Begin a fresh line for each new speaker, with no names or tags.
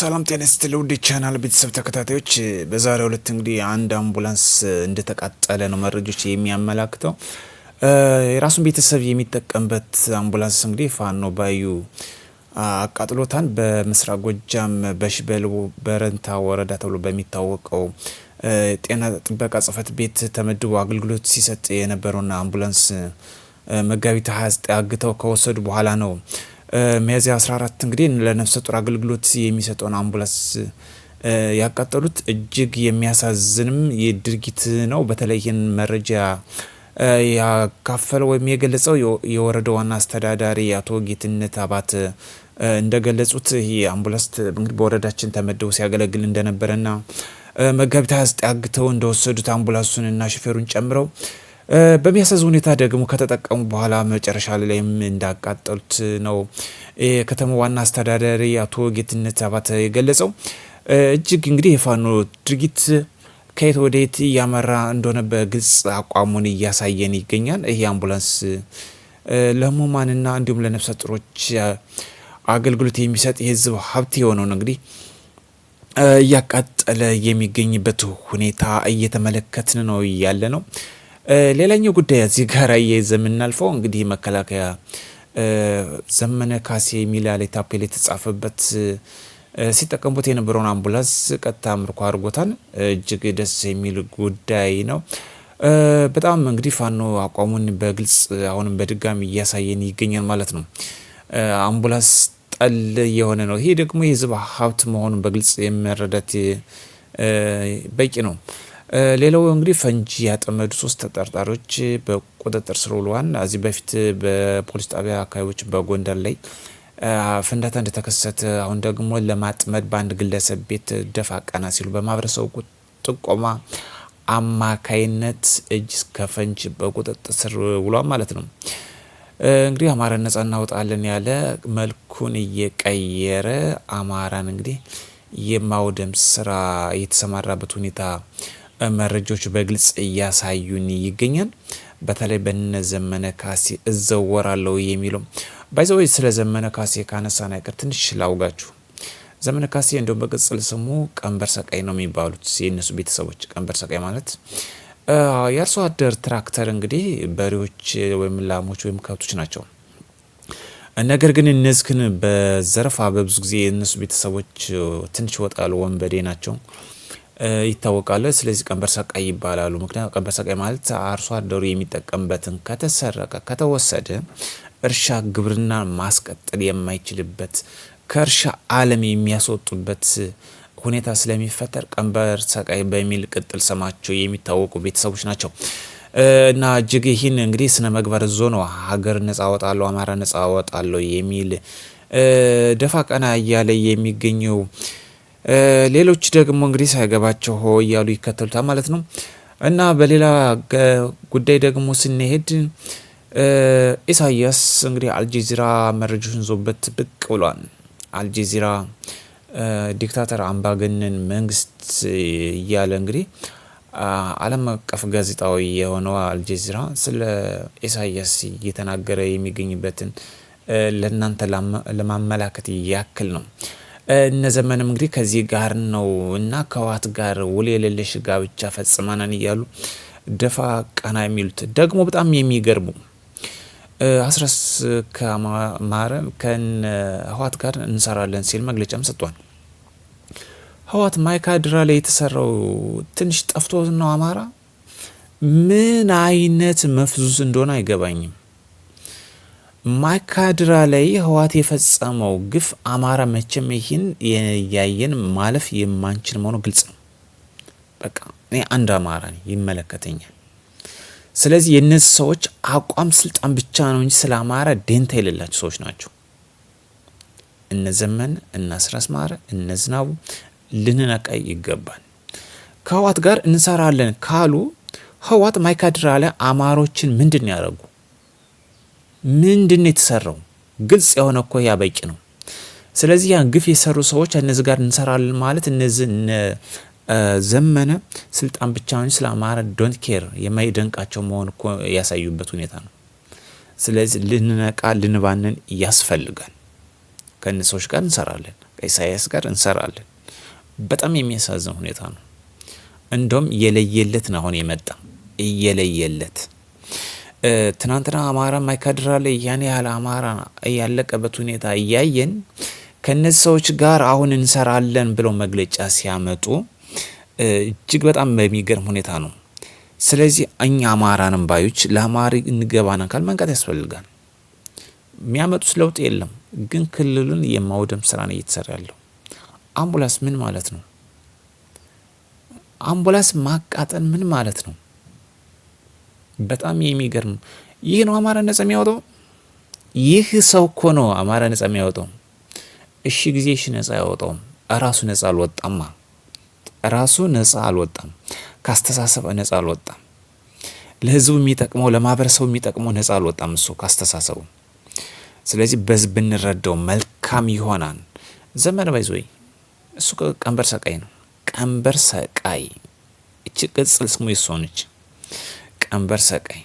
ሰላም ጤና ስትል ውድ ቻናል ቤተሰብ ተከታታዮች፣ በዛሬ ሁለት እንግዲህ አንድ አምቡላንስ እንደተቃጠለ ነው መረጆች የሚያመላክተው። የራሱን ቤተሰብ የሚጠቀምበት አምቡላንስ እንግዲህ ፋኖ ባዩ አቃጥሎታን በምስራቅ ጎጃም በሽበል በረንታ ወረዳ ተብሎ በሚታወቀው ጤና ጥበቃ ጽሕፈት ቤት ተመድቦ አገልግሎት ሲሰጥ የነበረውና አምቡላንስ መጋቢት 29 አግተው ከወሰዱ በኋላ ነው ሚያዝያ 14 እንግዲህ ለነፍሰ ጡር አገልግሎት የሚሰጠውን አምቡላንስ ያቃጠሉት እጅግ የሚያሳዝንም ድርጊት ነው። በተለይ ይህን መረጃ ያካፈለው ወይም የገለጸው የወረዳ ዋና አስተዳዳሪ አቶ ጌትነት አባት እንደገለጹት ይህ አምቡላንስ እንግዲህ በወረዳችን ተመደቡ ሲያገለግል እንደነበረና መጋቢት አግተው እንደወሰዱት እና ሹፌሩን ጨምረው በሚያሳዝ ሁኔታ ደግሞ ከተጠቀሙ በኋላ መጨረሻ ላይም እንዳቃጠሉት ነው የከተማ ዋና አስተዳዳሪ አቶ ጌትነት አባተ የገለጸው። እጅግ እንግዲህ የፋኖ ድርጊት ከየት ወደየት እያመራ እንደሆነ በግልጽ አቋሙን እያሳየን ይገኛል። ይህ አምቡላንስ ለህሙማንና እንዲሁም ለነፍሰ ጡሮች አገልግሎት የሚሰጥ የህዝብ ሀብት የሆነውን እንግዲህ እያቃጠለ የሚገኝበት ሁኔታ እየተመለከትን ነው ያለ ነው። ሌላኛው ጉዳይ እዚህ ጋር እየይዘ የምናልፈው እንግዲህ መከላከያ ዘመነ ካሴ የሚል ላይ ታፔል የተጻፈበት ሲጠቀሙት የነበረውን አምቡላንስ ቀጥታ ምርኮ አድርጎታል። እጅግ ደስ የሚል ጉዳይ ነው። በጣም እንግዲህ ፋኖ አቋሙን በግልጽ አሁንም በድጋሚ እያሳየን ይገኛል ማለት ነው። አምቡላንስ ጠል የሆነ ነው። ይሄ ደግሞ የህዝብ ሀብት መሆኑን በግልጽ የሚያረዳት በቂ ነው። ሌላው እንግዲህ ፈንጂ ያጠመዱ ሶስት ተጠርጣሪዎች በቁጥጥር ስር ውለዋል። እዚህ በፊት በፖሊስ ጣቢያ አካባቢዎች በጎንደር ላይ ፍንዳታ እንደተከሰተ አሁን ደግሞ ለማጥመድ በአንድ ግለሰብ ቤት ደፋ ቀና ሲሉ በማህበረሰቡ ጥቆማ አማካይነት እጅ እስከ ፈንጂ በቁጥጥር ስር ውሏል ማለት ነው። እንግዲህ አማራን ነጻ እናወጣለን ያለ መልኩን እየቀየረ አማራን እንግዲህ የማውደም ስራ የተሰማራበት ሁኔታ መረጃዎች በግልጽ እያሳዩን ይገኛል። በተለይ በነ ዘመነ ካሴ እዘወራለሁ የሚለው ባይዘወ ስለ ዘመነ ካሴ ካነሳን አይቀር ትንሽ ላውጋችሁ። ዘመነ ካሴ እንደውም በቅጽል ስሙ ቀንበር ሰቃይ ነው የሚባሉት የእነሱ ቤተሰቦች። ቀንበር ሰቃይ ማለት የአርሶ አደር ትራክተር እንግዲህ በሬዎች ወይም ላሞች ወይም ከብቶች ናቸው። ነገር ግን እነዚህን በዘረፋ በብዙ ጊዜ የእነሱ ቤተሰቦች ትንሽ ወጣሉ፣ ወንበዴ ናቸው። ይታወቃል። ስለዚህ ቀንበር ሰቃይ ይባላሉ። ምክንያቱ ቀንበር ሰቃይ ማለት አርሶ አደሩ የሚጠቀምበትን ከተሰረቀ፣ ከተወሰደ እርሻ ግብርና ማስቀጠል የማይችልበት ከእርሻ ዓለም የሚያስወጡበት ሁኔታ ስለሚፈጠር ቀንበር ሰቃይ በሚል ቅጥል ስማቸው የሚታወቁ ቤተሰቦች ናቸው። እና እጅግ ይህን እንግዲህ ስነ መግባር እዞ ነው ሀገር ነጻ ወጣለሁ፣ አማራ ነጻ ወጣለሁ የሚል ደፋ ቀና እያለ የሚገኘው ሌሎች ደግሞ እንግዲህ ሳይገባቸው ሆ እያሉ ይከተሉታል ማለት ነው። እና በሌላ ጉዳይ ደግሞ ስንሄድ ኢሳያስ እንግዲህ አልጀዚራ መረጃዎችን ዞበት ብቅ ብሏል። አልጀዚራ ዲክታተር አምባገነን መንግስት እያለ እንግዲህ ዓለም አቀፍ ጋዜጣዊ የሆነው አልጀዚራ ስለ ኢሳያስ እየተናገረ የሚገኝበትን ለእናንተ ለማመላከት ያክል ነው። እነ ዘመንም እንግዲህ ከዚህ ጋር ነው እና ከዋት ጋር ውል የሌለሽ ጋብቻ ፈጽመናን እያሉ ደፋ ቀና የሚሉት ደግሞ በጣም የሚገርሙ አስረስ ከማረ ከነ ህዋት ጋር እንሰራለን ሲል መግለጫም ሰጥቷል። ህዋት ማይካድራ ላይ የተሰራው ትንሽ ጠፍቶ ነው አማራ ምን አይነት መፍዙስ እንደሆነ አይገባኝም። ማይካድራ ላይ ህወሓት የፈጸመው ግፍ አማራ መቼም ይህን እያየን ማለፍ የማንችል መሆኑ ግልጽ ነው። በቃ እኔ አንድ አማራ ነኝ፣ ይመለከተኛል። ስለዚህ የእነዚህ ሰዎች አቋም ስልጣን ብቻ ነው እንጂ ስለ አማራ ደንታ የሌላቸው ሰዎች ናቸው። እነ ዘመን እነ ስራ አስማረ እነ ዝናቡ ልንነቀይ ይገባል። ከህወሓት ጋር እንሰራለን ካሉ ህወሓት ማይካድራ ላይ አማሮችን ምንድን ያደረጉ ምንድን ነው የተሰራው? ግልጽ የሆነ እኮ ያበቂ ነው። ስለዚህ ያን ግፍ የሰሩ ሰዎች እነዚህ ጋር እንሰራለን ማለት እነዚህ ዘመነ ስልጣን ብቻ ስለ አማራ ዶንት ኬር የማይደንቃቸው መሆን እኮ ያሳዩበት ሁኔታ ነው። ስለዚህ ልንነቃ ልንባንን ያስፈልጋል። ከእነ ሰዎች ጋር እንሰራለን፣ ከኢሳያስ ጋር እንሰራለን። በጣም የሚያሳዝን ሁኔታ ነው። እንደውም ነው አሁን የመጣ እየለየለት ትናንትና አማራ ማይካድራ ላይ ያን ያህል አማራ ያለቀበት ሁኔታ እያየን ከእነዚህ ሰዎች ጋር አሁን እንሰራለን ብለው መግለጫ ሲያመጡ እጅግ በጣም በሚገርም ሁኔታ ነው። ስለዚህ እኛ አማራንም ባዮች ለአማሪ እንገባን አካል መንቃት ያስፈልጋል። የሚያመጡት ለውጥ የለም፣ ግን ክልሉን የማውደም ስራ ነው እየተሰራ ያለው። አምቡላንስ ምን ማለት ነው? አምቡላንስ ማቃጠል ምን ማለት ነው? በጣም የሚገርም ይህ ነው አማራ ነጻ የሚያወጣው። ይህ ሰው እኮ ነው አማራ ነጻ የሚያወጣው። እሺ ጊዜ እሺ ነጻ ያወጣው ራሱ ነጻ አልወጣማ። ራሱ ነጻ አልወጣም። ካስተሳሰብ ነጻ አልወጣም። ለህዝቡ የሚጠቅመው ለማህበረሰቡ የሚጠቅመው ነጻ አልወጣም እሱ ካስተሳሰቡ። ስለዚህ በህዝብ ብንረዳው መልካም ይሆናል። ዘመን ባይዞ እሱ ቀንበር ሰቃይ ነው። ቀንበር ሰቃይ እች ቅጽል ስሙ የሷ ቀንበር ሰቀኝ